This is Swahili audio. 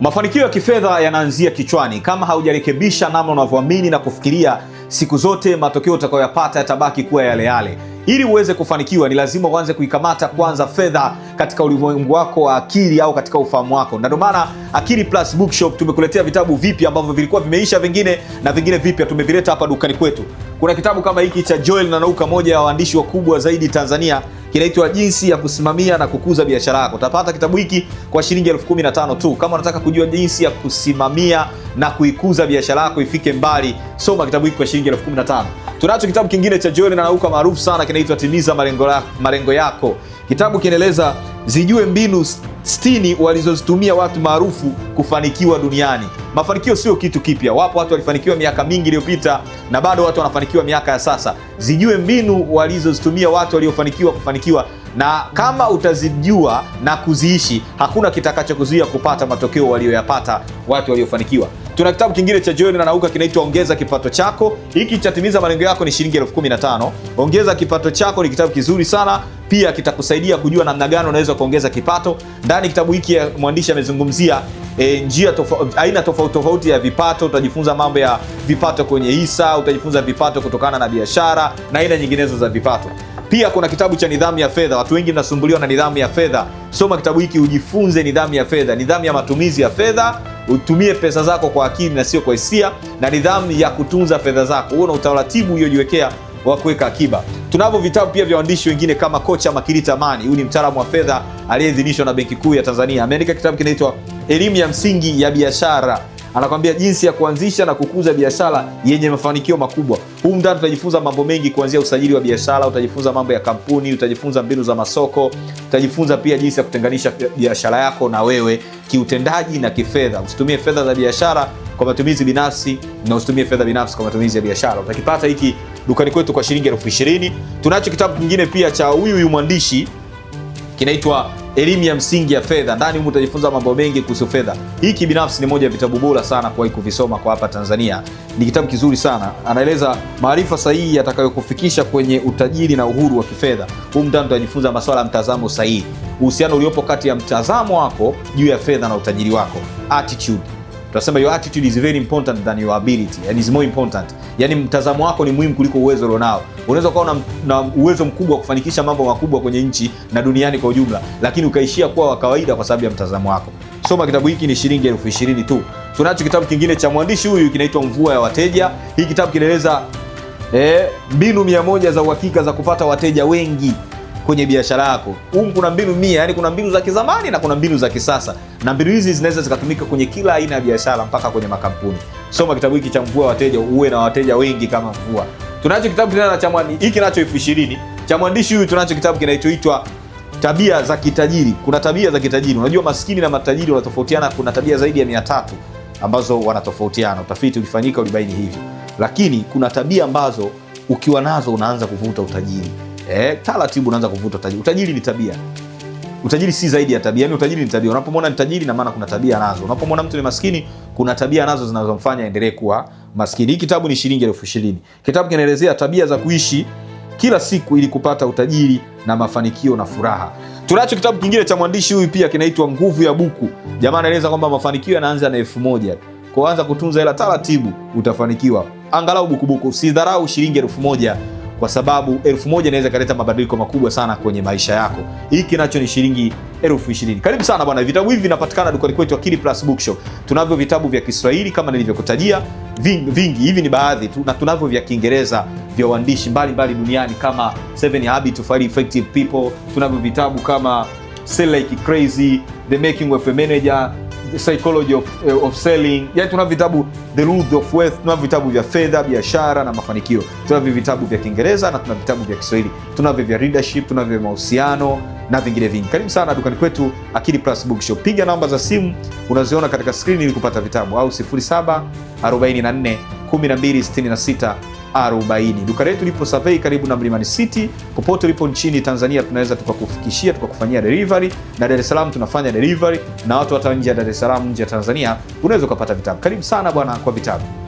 Mafanikio ya kifedha yanaanzia kichwani. Kama haujarekebisha namna unavyoamini na kufikiria, siku zote matokeo utakayoyapata yatabaki kuwa yale yale. Ili uweze kufanikiwa, ni lazima uanze kuikamata kwanza fedha katika ulimwengu wako wa akili au katika ufahamu wako. Na ndio maana Akili Plus Bookshop tumekuletea vitabu vipya ambavyo vilikuwa vimeisha vingine na vingine vipya tumevileta hapa dukani kwetu. Kuna kitabu kama hiki cha Joel Nanauka, moja ya waandishi wakubwa zaidi Tanzania, kinaitwa Jinsi ya Kusimamia na Kukuza Biashara Yako. Utapata kitabu hiki kwa shilingi elfu kumi na tano tu. Kama unataka kujua jinsi ya kusimamia na kuikuza biashara yako ifike mbali, soma kitabu hiki kwa shilingi elfu kumi na tano. Tunacho kitabu kingine cha Joel Nanauka maarufu sana, kinaitwa Timiza Malengo Yako. Kitabu kinaeleza zijue mbinu sitini walizozitumia watu maarufu kufanikiwa duniani. Mafanikio sio kitu kipya, wapo watu walifanikiwa miaka mingi iliyopita na bado watu wanafanikiwa miaka ya sasa. Zijue mbinu walizozitumia watu waliofanikiwa kufanikiwa, na kama utazijua na kuziishi, hakuna kitakachokuzuia kupata matokeo walioyapata watu waliofanikiwa. Tuna kitabu kingine cha Joel na Nauka kinaitwa Ongeza Kipato Chako. Hiki chatimiza malengo yako ni shilingi elfu kumi na tano. Ongeza Kipato Chako ni kitabu kizuri sana pia kitakusaidia kujua namna gani unaweza kuongeza kipato. Ndani kitabu hiki mwandishi amezungumzia E, njia tofa, aina tofauti tofauti ya vipato. Utajifunza mambo ya vipato kwenye hisa, utajifunza vipato kutokana na biashara na aina nyinginezo za vipato. Pia kuna kitabu cha nidhamu ya fedha. Watu wengi mnasumbuliwa na nidhamu ya fedha. Soma kitabu hiki ujifunze nidhamu ya fedha, nidhamu ya matumizi ya fedha, utumie pesa zako kwa akili na sio kwa hisia, na nidhamu ya kutunza fedha zako, huo na utaratibu uliojiwekea wa kuweka akiba. Tunavyo vitabu pia vya waandishi wengine kama kocha Makirita Amani, huyu ni mtaalamu wa fedha aliyeidhinishwa na Benki Kuu ya Tanzania. Ameandika kitabu kinaitwa Elimu ya Msingi ya Biashara, anakwambia jinsi ya kuanzisha na kukuza biashara yenye mafanikio makubwa. Humu ndani utajifunza mambo mengi, kuanzia usajili wa biashara, utajifunza mambo ya kampuni, utajifunza mbinu za masoko, utajifunza pia jinsi ya kutenganisha biashara yako na wewe kiutendaji na kifedha. Usitumie fedha za biashara kwa matumizi binafsi na usitumie fedha binafsi kwa matumizi ya biashara. Utakipata hiki dukani kwetu kwa shilingi elfu ishirini. Tunacho kitabu kingine pia cha huyu huyu mwandishi kinaitwa Elimu ya Msingi ya Fedha. Ndani humu utajifunza mambo mengi kuhusu fedha. Hiki binafsi ni moja ya vitabu bora sana kuwahi kuvisoma kwa hapa Tanzania. Ni kitabu kizuri sana, anaeleza maarifa sahihi yatakayokufikisha kwenye utajiri na uhuru wa kifedha. Humu ndani utajifunza masuala ya mtazamo sahihi, uhusiano uliopo kati ya mtazamo wako juu ya fedha na utajiri wako, attitude tunasema your attitude is very important than your ability and is more important. Yani mtazamo wako ni muhimu kuliko uwezo ulionao. Unaweza ukawa na uwezo mkubwa wa kufanikisha mambo makubwa kwenye nchi na duniani kwa ujumla, lakini ukaishia kuwa wa kawaida kwa sababu ya mtazamo wako. Soma kitabu hiki, ni shilingi elfu ishirini tu. Tunacho kitabu kingine cha mwandishi huyu kinaitwa Mvua ya Wateja. Hii kitabu kinaeleza eh, mbinu eh, mia moja za uhakika za kupata wateja wengi kwenye biashara yako. Huku kuna mbinu mia, yani kuna mbinu za kizamani na kuna mbinu za kisasa, na mbinu hizi zinaweza zikatumika kwenye kila aina ya biashara mpaka kwenye makampuni. Soma kitabu hiki cha Mvua Wateja uwe na wateja wengi kama mvua. Tunacho kitabu tena cha hiki kinacho elfu ishirini cha mwandishi huyu, tunacho kitabu kinachoitwa Tabia za Kitajiri. Kuna tabia za kitajiri. Unajua, maskini na matajiri wanatofautiana, kuna tabia zaidi ya mia tatu ambazo wanatofautiana. Utafiti ulifanyika ulibaini hivi, lakini kuna tabia ambazo ukiwa nazo unaanza kuvuta utajiri eh, taratibu unaanza kuvuta utajiri. Utajiri ni tabia. Utajiri si zaidi ya tabia, yani utajiri ni tabia. Unapomwona ni tajiri, na maana kuna tabia nazo. Unapomwona mtu ni maskini, kuna tabia nazo zinazomfanya aendelee kuwa maskini. Hii kitabu ni shilingi elfu ishirini. Kitabu kinaelezea tabia za kuishi kila siku ili kupata utajiri na mafanikio na furaha. Tunacho kitabu kingine cha mwandishi huyu pia kinaitwa Nguvu ya Buku. Jamaa anaeleza kwamba mafanikio yanaanza na elfu moja. Kwa anza kutunza hela taratibu, utafanikiwa. Angalau bukubuku, usidharau shilingi elfu moja kwa sababu elfu moja inaweza ikaleta mabadiliko makubwa sana kwenye maisha yako. Hiki nacho ni shilingi elfu ishirini. Karibu sana bwana, vitabu hivi vinapatikana dukani kwetu Akili Plus Bookshop. Tunavyo vitabu vya Kiswahili kama nilivyokutajia vingi, vingi. Hivi ni baadhi tu, na tunavyo vya Kiingereza vya uandishi mbalimbali duniani kama Seven Habits of Highly Effective People. Tunavyo vitabu kama Sell Like Crazy, The Making of a Manager the psychology of, uh, of selling. Yani tuna vitabu the rules of wealth, tuna vitabu vya fedha, biashara na mafanikio, tunavyo vitabu vya Kiingereza na tuna vitabu vya Kiswahili, tunavyo vya leadership, tunavyo vya mahusiano na vingine vingi. Karibu sana dukani kwetu Akili Plus Bookshop. Piga namba za simu unaziona katika skrini ili kupata vitabu au 744 126640 Duka letu lipo Survey karibu na Mlimani City. Popote ulipo nchini Tanzania tunaweza tukakufikishia tukakufanyia delivery, na Dar es Salaam tunafanya delivery, na watu hata nje ya Dar es Salaam, nje ya Tanzania unaweza ukapata vitabu. Karibu sana bwana kwa vitabu.